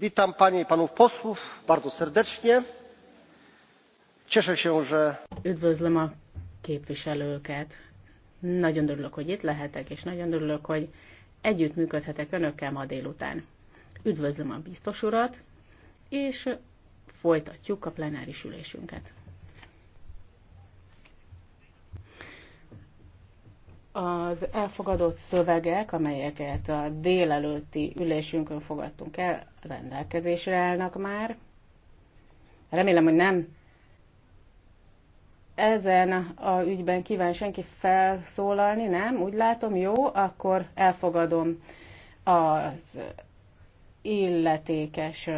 witam panie i panów posłów bardzo serdecznie. cieszę się że. üdvözlöm a képviselőket nagyon örülök hogy itt lehetek és nagyon örülök hogy együttműködhetek önökkel ma délután. üdvözlöm a biztos urat és folytatjuk a plenáris ülésünket. az elfogadott szövegek, amelyeket a délelőtti ülésünkön fogadtunk el, rendelkezésre állnak már. Remélem, hogy nem ezen a ügyben kíván senki felszólalni, nem? Úgy látom, jó, akkor elfogadom az illetékes